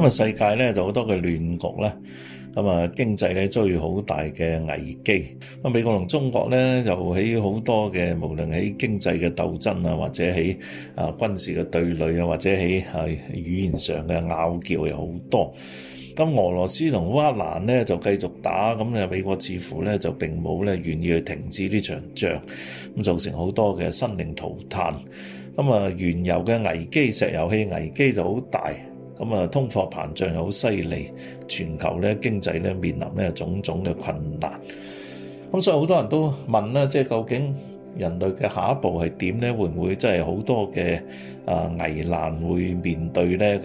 今日世界咧就好多嘅亂局咧，咁啊經濟咧遭遇好大嘅危機。咁美國同中國咧就喺好多嘅無論喺經濟嘅鬥爭啊，或者喺啊軍事嘅對壘啊，或者喺啊語言上嘅拗撬又好多。咁俄羅斯同烏克蘭咧就繼續打，咁啊美國似乎咧就並冇咧願意去停止呢場仗，咁造成好多嘅生靈塗炭。咁啊原油嘅危機、石油氣危機就好大。咁啊，通貨膨脹又好犀利，全球咧經濟咧面臨咧種種嘅困難。咁所以好多人都問啦，即係究竟人類嘅下一步係點咧？會唔會即係好多嘅啊危難會面對咧？咁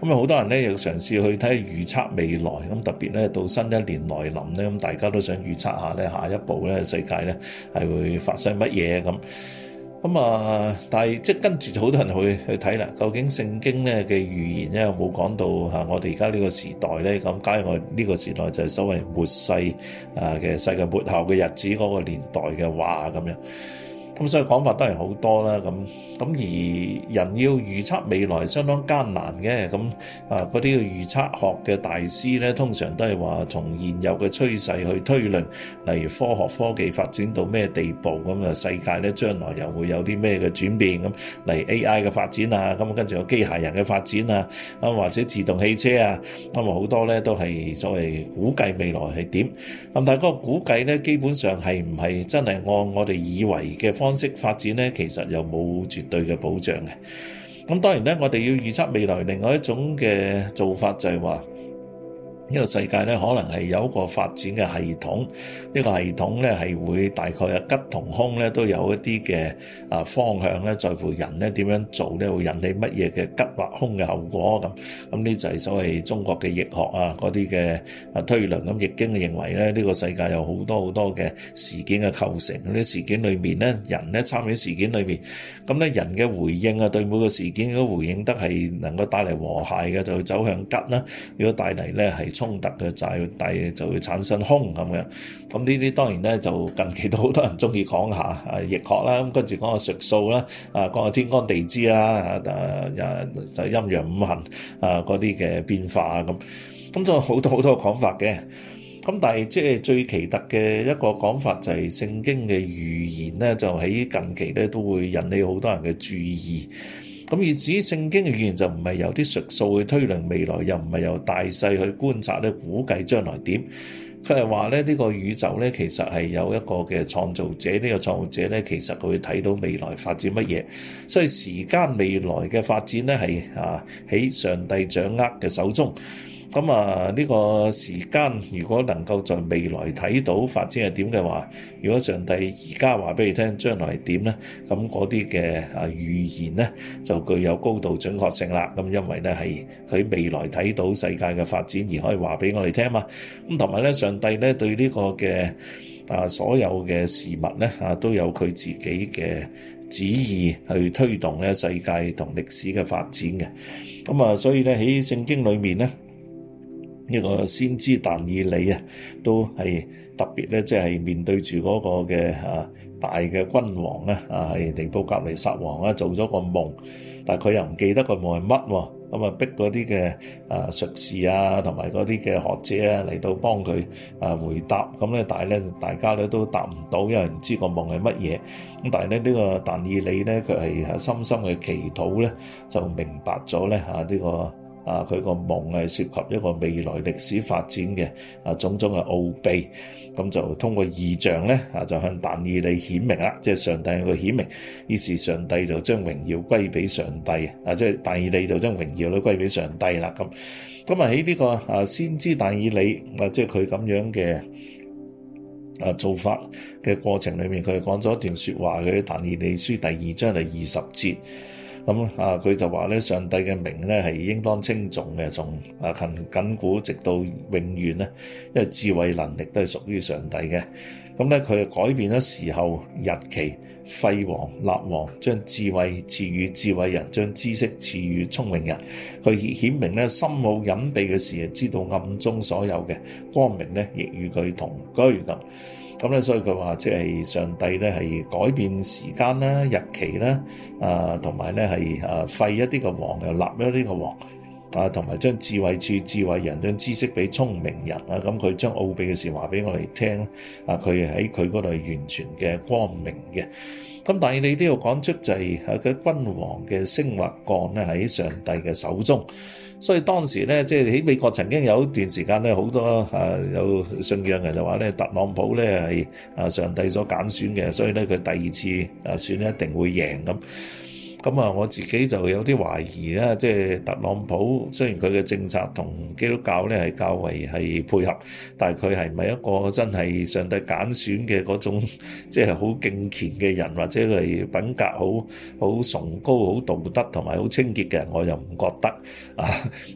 咁啊，好多人咧亦嘗試去睇預測未來。咁特別咧到新一年來臨咧，咁大家都想預測下咧下一步咧世界咧係會發生乜嘢咁。咁啊、嗯！但係即跟住好多人去去睇啦，究竟聖經咧嘅預言咧有冇講到嚇、啊、我哋而家呢個時代咧？咁、啊、假如我呢個時代就係所謂末世啊嘅世界末後嘅日子嗰個年代嘅話，咁樣。咁所以講法都係好多啦，咁咁而人要預測未來相當艱難嘅，咁啊嗰啲要預測學嘅大師咧，通常都係話從現有嘅趨勢去推論，例如科學科技發展到咩地步，咁啊世界咧將來又會有啲咩嘅轉變，咁例如 AI 嘅發展啊，咁跟住有機械人嘅發展啊，啊或者自動汽車啊，咁啊好多咧都係所謂估計未來係點。咁但係嗰個估計咧，基本上係唔係真係按我哋以為嘅方方式發展咧，其實又冇絕對嘅保障嘅。咁當然咧，我哋要預測未來另外一種嘅做法，就係話。呢個世界咧，可能係有一個發展嘅系統，呢個系統咧係會大概啊吉同凶，咧都有一啲嘅啊方向咧，在乎人咧點樣做咧會引起乜嘢嘅吉或凶嘅後果咁。咁呢就係所謂中國嘅易學啊，嗰啲嘅啊推論咁易經嘅認為咧，呢個世界有好多好多嘅事件嘅構成，呢啲事件裏面咧，人咧參與事件裏面，咁咧人嘅回應啊，對每個事件都回應得係能夠帶嚟和諧嘅，就會走向吉啦；如果帶嚟咧係，衝突嘅就係，但係就會產生空咁樣。咁呢啲當然咧，就近期都好多人鍾意講下，啊易學啦，咁跟住講下術數啦，啊講下、啊、天干地支啦，啊啊就、啊、陰陽五行啊嗰啲嘅變化啊咁。咁就好多好多講法嘅。咁但係即係最奇特嘅一個講法就係聖經嘅預言咧，就喺近期咧都會引起好多人嘅注意。咁而至於聖經嘅語言就唔係由啲術數去推論未來，又唔係由大細去觀察咧估計將來點。佢係話咧，呢個宇宙咧其實係有一個嘅創造者，呢個創造者咧其實佢會睇到未來發展乜嘢，所以時間未來嘅發展咧係啊喺上帝掌握嘅手中。咁啊！呢個時間，如果能夠在未來睇到發展係點嘅話，如果上帝而家話俾你聽，將來係點呢？咁嗰啲嘅啊預言呢，就具有高度準確性啦。咁因為呢，係佢未來睇到世界嘅發展而可以話俾我哋聽嘛。咁同埋呢，上帝呢，對呢個嘅啊所有嘅事物呢，啊都有佢自己嘅旨意去推動呢世界同歷史嘅發展嘅。咁啊，所以呢，喺聖經裡面呢，一個先知但以理啊，都係特別咧，即係面對住嗰個嘅啊大嘅君王咧，啊尼布甲尼撒王咧，做咗個夢，但係佢又唔記得個夢係乜喎，咁啊逼嗰啲嘅啊術士啊同埋嗰啲嘅學者啊嚟到幫佢啊回答，咁咧但係咧大家咧都答唔到，冇人知個夢係乜嘢，咁但係咧呢個但以理咧佢係深深嘅祈禱咧，就明白咗咧嚇呢個。啊！佢個夢係涉及一個未來歷史發展嘅啊，種種嘅奧秘，咁就通過異象咧啊，就向但以理顯明啦，即係上帝個顯明。於是上帝就將榮耀歸俾上帝啊，即係但以理就將榮耀都歸俾上帝啦。咁今日喺呢個啊先知但以理啊，即係佢咁樣嘅啊做法嘅過程裏面，佢講咗一段説話嘅《但以理書》第二章係二十節。咁佢、嗯、就話上帝嘅名咧係應當稱頌嘅，從啊近緊古直到永遠，因為智慧能力都係屬於上帝嘅。咁咧，佢改變咗時候日期，廢王立王，將智慧賜予智慧人，將知識賜予聰明人。佢顯明咧，深奧隱秘嘅事，知道暗中所有嘅光明咧，亦與佢同居咁。咁咧，所以佢話即係上帝咧，係改變時間啦、日期啦，啊、呃，同埋咧係啊廢一啲嘅王，又立咗呢個王。啊，同埋將智慧處智慧人，將知識俾聰明人啊，咁佢將奧秘嘅事話俾我哋聽啊，佢喺佢嗰度係完全嘅光明嘅。咁但係你都要講出就係、是、佢君王嘅升或降咧喺上帝嘅手中。所以當時咧，即係喺美國曾經有一段時間咧，好多啊有信仰人就話咧，特朗普咧係啊上帝所揀選嘅，所以咧佢第二次啊選一定會贏咁。咁啊、嗯，我自己就有啲懷疑啦，即係特朗普雖然佢嘅政策同基督教咧係較為係配合，但係佢係唔係一個真係上帝揀選嘅種即係好敬虔嘅人，或者佢係品格好好崇高、好道德同埋好清潔嘅人，我又唔覺得啊。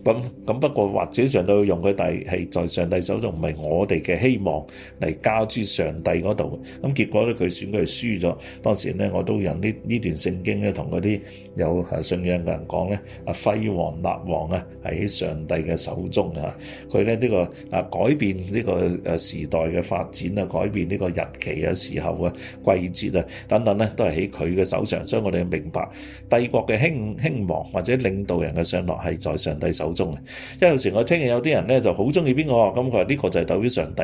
咁咁不過或者上帝用佢，但係在上帝手中，唔係我哋嘅希望嚟交諸上帝度。咁、嗯、結果咧，佢選舉係輸咗。當時咧，我都用呢呢段聖經咧，同嗰啲。有信仰嘅人講咧，阿廢王立王啊，係喺上帝嘅手中啊。佢咧呢個啊改變呢個誒時代嘅發展啊，改變呢個日期啊、時候啊、季節啊等等咧，都係喺佢嘅手上。所以我哋明白帝國嘅興興亡或者領導人嘅上落係在上帝手中嘅。因為有時我聽見有啲人咧就好中意邊個，咁佢話呢個就係代表上帝。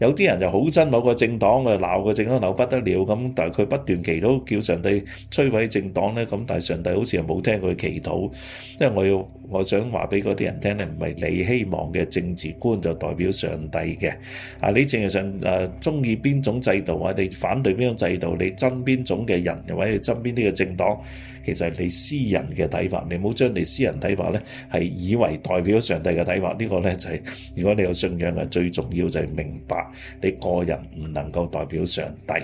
有啲人就好憎某個政黨嘅，鬧個政黨鬧不得了咁，但係佢不斷祈禱叫上帝摧毀政黨咧，咁。但係上帝好似又冇聽過佢祈禱，因為我要我想話俾嗰啲人聽咧，唔係你希望嘅政治觀就代表上帝嘅，啊，你淨係想誒鍾意邊種制度啊？你反對邊種制度？你憎邊種嘅人，或者你憎邊啲嘅政黨？其實你私人嘅睇法，你唔好將你私人睇法咧，係以為代表上帝嘅睇法。呢個咧就係如果你有信仰嘅，最重要就係明白你個人唔能夠代表上帝。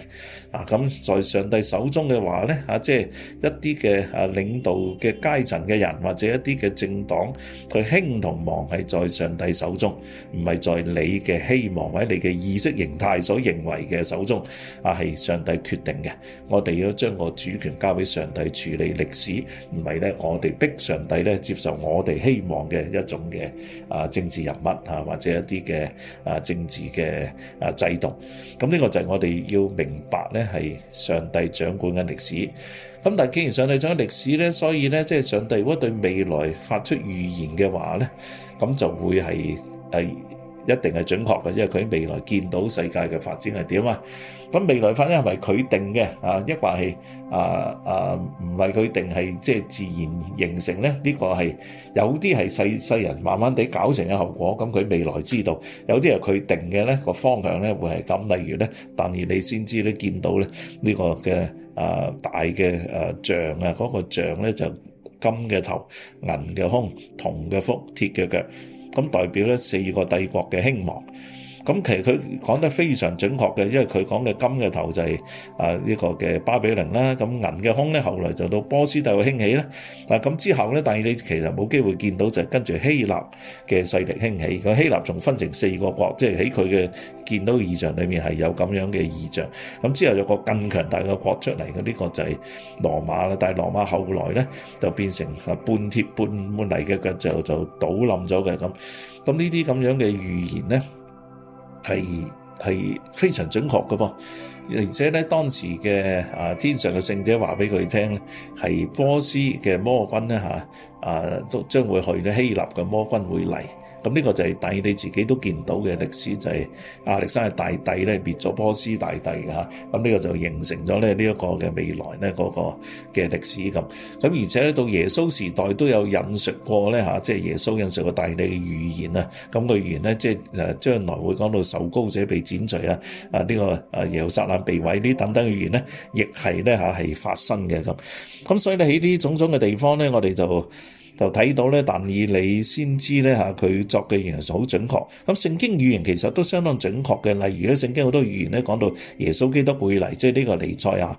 啊，咁在上帝手中嘅話咧，啊，即係一啲嘅啊領導嘅階層嘅人，或者一啲嘅政黨，佢興同亡係在上帝手中，唔係在你嘅希望或者你嘅意識形態所認為嘅手中。啊，係上帝決定嘅，我哋要將個主權交俾上帝處理。歷史唔係咧，我哋逼上帝咧接受我哋希望嘅一種嘅啊政治人物啊，或者一啲嘅啊政治嘅啊制度。咁呢個就係我哋要明白咧，係上帝掌管嘅歷史。咁但係既然上帝掌管歷史咧，所以咧即係上帝如果對未來發出預言嘅話咧，咁就會係誒一定係準確嘅，因為佢喺未來見到世界嘅發展係點啊。咁未來發展係咪佢定嘅啊？抑或係啊啊。唔係佢定係即係自然形成咧？呢、這個係有啲係世世人慢慢地搞成嘅後果。咁佢未來知道，有啲係佢定嘅咧個方向咧會係咁。例如咧，但而你先知咧見到咧呢、這個嘅誒、呃、大嘅誒、呃、象啊，嗰、那個象咧就是、金嘅頭、銀嘅胸、銅嘅腹、鐵嘅腳，咁代表咧四個帝國嘅興亡。咁其實佢講得非常準確嘅，因為佢講嘅金嘅頭就係啊呢個嘅巴比倫啦，咁銀嘅胸咧，後嚟就到波斯帝國興起咧。嗱咁之後咧，但係你其實冇機會見到就係跟住希臘嘅勢力興起。咁希臘仲分成四個國，即係喺佢嘅見到異象裏面係有咁樣嘅異象。咁之後有個更強大嘅國出嚟嘅，呢個就係羅馬啦。但係羅馬後來咧就變成半鐵半泥嘅腳就就倒冧咗嘅咁。咁呢啲咁樣嘅預言咧。係，係非常準確嘅噃，而且咧，當時嘅啊天上嘅聖者話俾佢聽，係波斯嘅魔軍咧嚇啊，啊，都將會去呢希臘嘅魔軍會嚟。咁呢個就係大你自己都見到嘅歷史，就係亞歷山大帝咧滅咗波斯大帝嘅嚇。咁、這、呢個就形成咗咧呢一個嘅未來咧嗰個嘅歷史咁。咁而且咧到耶穌時代都有引述過咧嚇，即係耶穌引述過大、這個大你嘅預言啊。咁個預言咧即係誒將來會講到受膏者被剪除啊啊呢個啊耶路撒冷被毀呢等等預言咧，亦係咧嚇係發生嘅咁。咁所以咧喺呢種種嘅地方咧，我哋就～就睇到咧，但以你先知咧吓，佢作嘅預言好準確，咁聖經預言其實都相當準確嘅，例如咧聖經好多預言咧講到耶穌基督會嚟，即係呢個彌賽亞。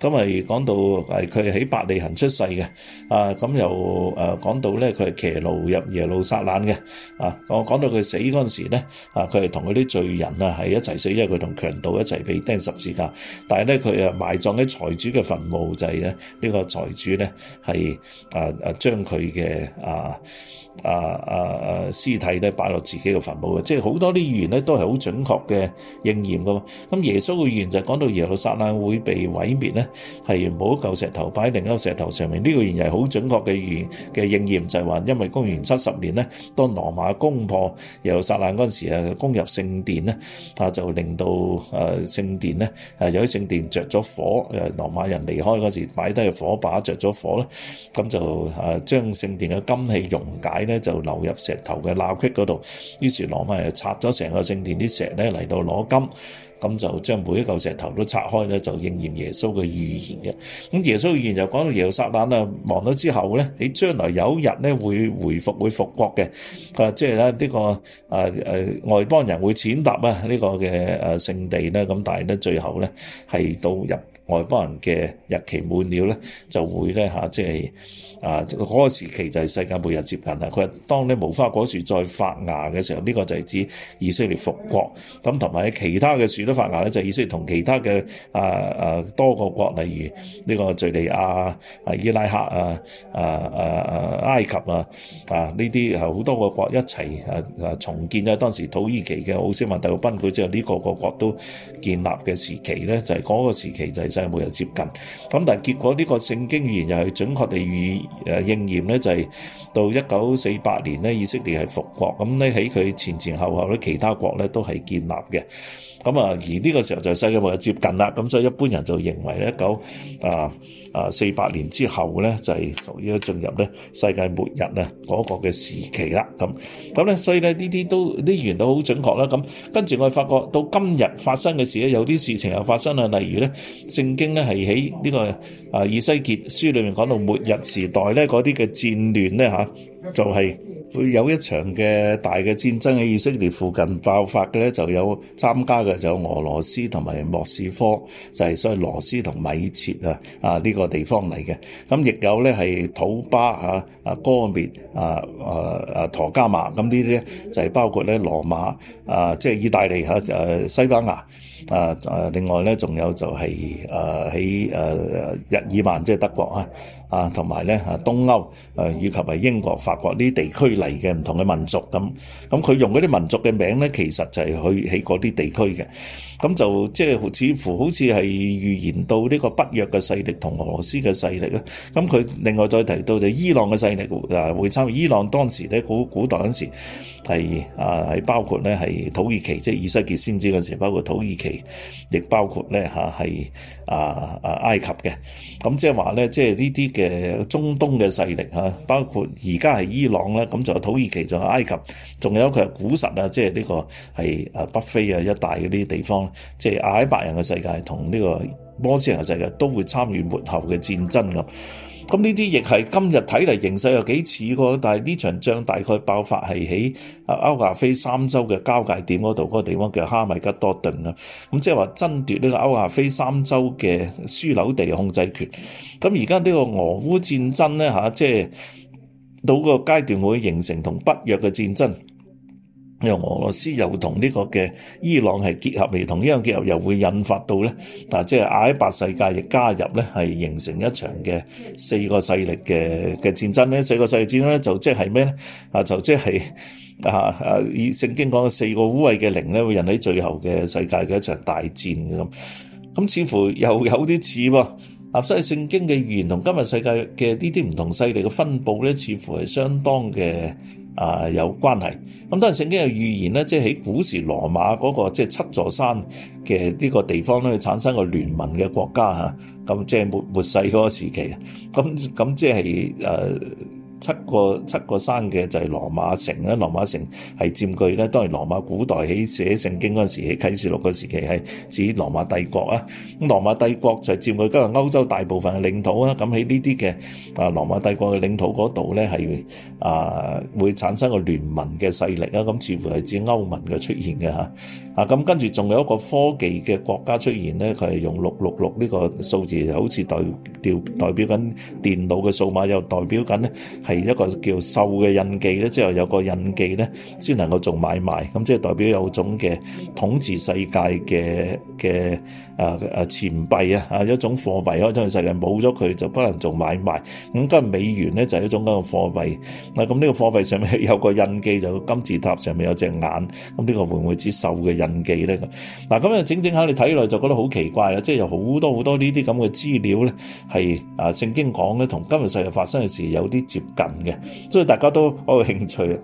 咁咪講到誒佢係喺伯利恆出世嘅，啊咁又誒講到咧佢係騎驢入耶路撒冷嘅，啊我講到佢死嗰陣時咧，啊佢係同嗰啲罪人啊係一齊死，因為佢同強盜一齊被釘十字架。但係咧佢啊埋葬喺財主嘅墳墓，就係咧呢個財主咧係啊誒將佢嘅。嘅啊啊啊啊屍體咧擺落自己嘅墳墓嘅，即係好多啲預言咧都係好準確嘅應驗噶嘛。咁耶穌嘅預言就講到耶路撒冷會被毀滅咧，係冇一嚿石頭擺喺另一嚿石頭上面。呢個預言係好準確嘅預言嘅應驗，就係話因為公元七十年咧，當羅馬攻破耶路撒冷嗰陣時啊，攻入聖殿咧，啊就令到啊聖殿咧啊有啲聖殿着咗火，誒羅馬人離開嗰陣時擺低個火把着咗火咧，咁就啊將聖聖殿嘅金器溶解咧，就流入石頭嘅罅隙嗰度，於是羅馬又拆咗成個聖殿啲石咧嚟到攞金，咁就將每一嚿石頭都拆開咧，就應驗耶穌嘅預言嘅。咁耶穌預言就講到耶路撒冷啊，望咗之後咧，你將來有一日咧會回復會復國嘅，佢話，即係咧呢個啊誒外邦人會踐踏啊呢個嘅啊聖地咧，咁但係咧最後咧係到入。外邦人嘅日期滿了咧，就會咧嚇，即係啊嗰個時期就係世界末日接近啦。佢話當你無花果樹再發芽嘅時候，呢個就係指以色列復國咁，同埋其他嘅樹都發芽咧，就係以色列同其他嘅啊啊多個國，例如呢個敍利亞啊、伊拉克啊、啊啊啊埃及啊啊呢啲好多個國一齊啊啊重建啊。當時土耳其嘅奧斯曼帝國崩潰之後，呢個個國都建立嘅時期咧，就係嗰個時期就係。冇人接近，咁但係結果呢個聖經預言又係準確地與誒應驗咧，就係、是、到一九四八年咧，以色列係復國，咁咧喺佢前前後後咧，其他國咧都係建立嘅。咁啊，而呢個時候就係世界末日接近啦，咁所以一般人就認為咧，一九啊啊、呃、四百年之後咧，就係、是、屬於進入咧世界末日啊嗰、那個嘅時期啦。咁咁咧，所以咧呢啲都啲言論都好準確啦。咁跟住我哋發覺到今日發生嘅事咧，有啲事情又發生啦。例如咧，聖經咧係喺呢、這個啊、呃、以西結書裏面講到末日時代咧嗰啲嘅戰亂咧嚇。啊就係會有一場嘅大嘅戰爭喺以色列附近爆發嘅咧，就有參加嘅就有俄羅斯同埋莫斯科，就係所謂羅斯同米切啊啊，呢個地方嚟嘅。咁亦有咧係土巴嚇啊哥滅啊啊啊陀加馬，咁呢啲咧就係包括咧羅馬啊，即係意大利嚇，誒西班牙啊，啊另外咧仲有就係誒喺誒日耳曼即係德國啊。啊，同埋咧嚇東歐，誒以及係英國、法國呢地區嚟嘅唔同嘅民族咁，咁佢用嗰啲民族嘅名咧，其實就係去起嗰啲地區嘅，咁就即係似乎好似係預言到呢個北約嘅勢力同俄羅斯嘅勢力咧，咁佢另外再提到就伊朗嘅勢力，誒會參與伊朗當時咧古古代嗰陣時。係啊，係包括咧，係土耳其，即係以西結先知嗰陣時，包括土耳其，亦包括咧嚇係啊啊，啊埃及嘅。咁即係話咧，即係呢啲嘅中東嘅勢力嚇、啊，包括而家係伊朗咧，咁、啊、就土耳其，就係埃及，仲有佢係古實啊，即係呢個係啊北非啊一帶嗰啲地方，啊、即係阿拉伯人嘅世界同呢個波斯人嘅世界都會參與末後嘅戰爭㗎。啊咁呢啲亦係今日睇嚟形勢又幾似個，但係呢場仗大概爆發係喺歐亞非三洲嘅交界點嗰度，嗰、那個地方叫哈米吉多頓啊。咁即係話爭奪呢個歐亞非三洲嘅樞紐地控制權。咁而家呢個俄烏戰爭咧嚇，即係到個階段會形成同北約嘅戰爭。因為俄羅斯又同呢個嘅伊朗係結合，而同呢樣結合又會引發到咧，嗱即係阿拉伯世界亦加入咧，係形成一場嘅四個勢力嘅嘅戰爭咧。四個勢力戰爭咧就即係咩咧？啊就即係啊啊以聖經講嘅四個污穢嘅靈，咧，會引起最後嘅世界嘅一場大戰嘅咁。咁似乎又有啲似喎。所以聖經嘅語言同今日世界嘅呢啲唔同勢力嘅分佈咧，似乎係相當嘅。啊，有關係。咁當然聖經有預言咧，即係喺古時羅馬嗰、那個即係七座山嘅呢個地方咧，產生個聯盟嘅國家嚇。咁、啊、即係末末世嗰個時期，咁、啊、咁即係誒。啊七個七個山嘅就係羅馬城啦，羅馬城係佔據咧，當然羅馬古代起寫聖經嗰陣時，喺啟示錄嗰時期係指羅馬帝國啊。咁羅馬帝國就係佔據今日歐洲大部分嘅領土啊。咁喺呢啲嘅啊羅馬帝國嘅領土嗰度咧係啊會產生個聯盟嘅勢力啊。咁似乎係指歐盟嘅出現嘅嚇啊。咁跟住仲有一個科技嘅國家出現咧，佢係用六六六呢個數字，好似代表代表緊電腦嘅數碼，又代表緊咧。係一個叫獸嘅印記咧，之後有個印記咧，先能夠做買賣。咁即係代表有種嘅統治世界嘅嘅啊啊錢幣啊啊一種貨幣，喺今日世界冇咗佢就不能做買賣。咁、嗯、今日美元咧就係、是、一種嗰個貨幣。嗱咁呢個貨幣上面有個印記，就是、金字塔上面有隻眼。咁呢個會唔會指獸嘅印記咧？嗱、啊、咁樣整整下你睇落就覺得好奇怪啦。即係有好多好多呢啲咁嘅資料咧，係啊聖經講嘅同今日世界發生嘅事有啲接。人嘅，所以大家都好有興趣。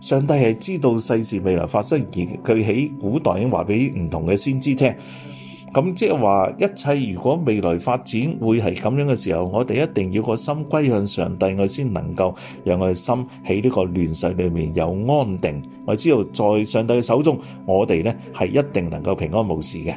上帝係知道世事未來發生而佢喺古代已經話俾唔同嘅先知聽，咁即係話一切如果未來發展會係咁樣嘅時候，我哋一定要個心歸向上帝，我先能夠讓我哋心喺呢個亂世裏面有安定。我知道在上帝嘅手中，我哋呢係一定能夠平安無事嘅。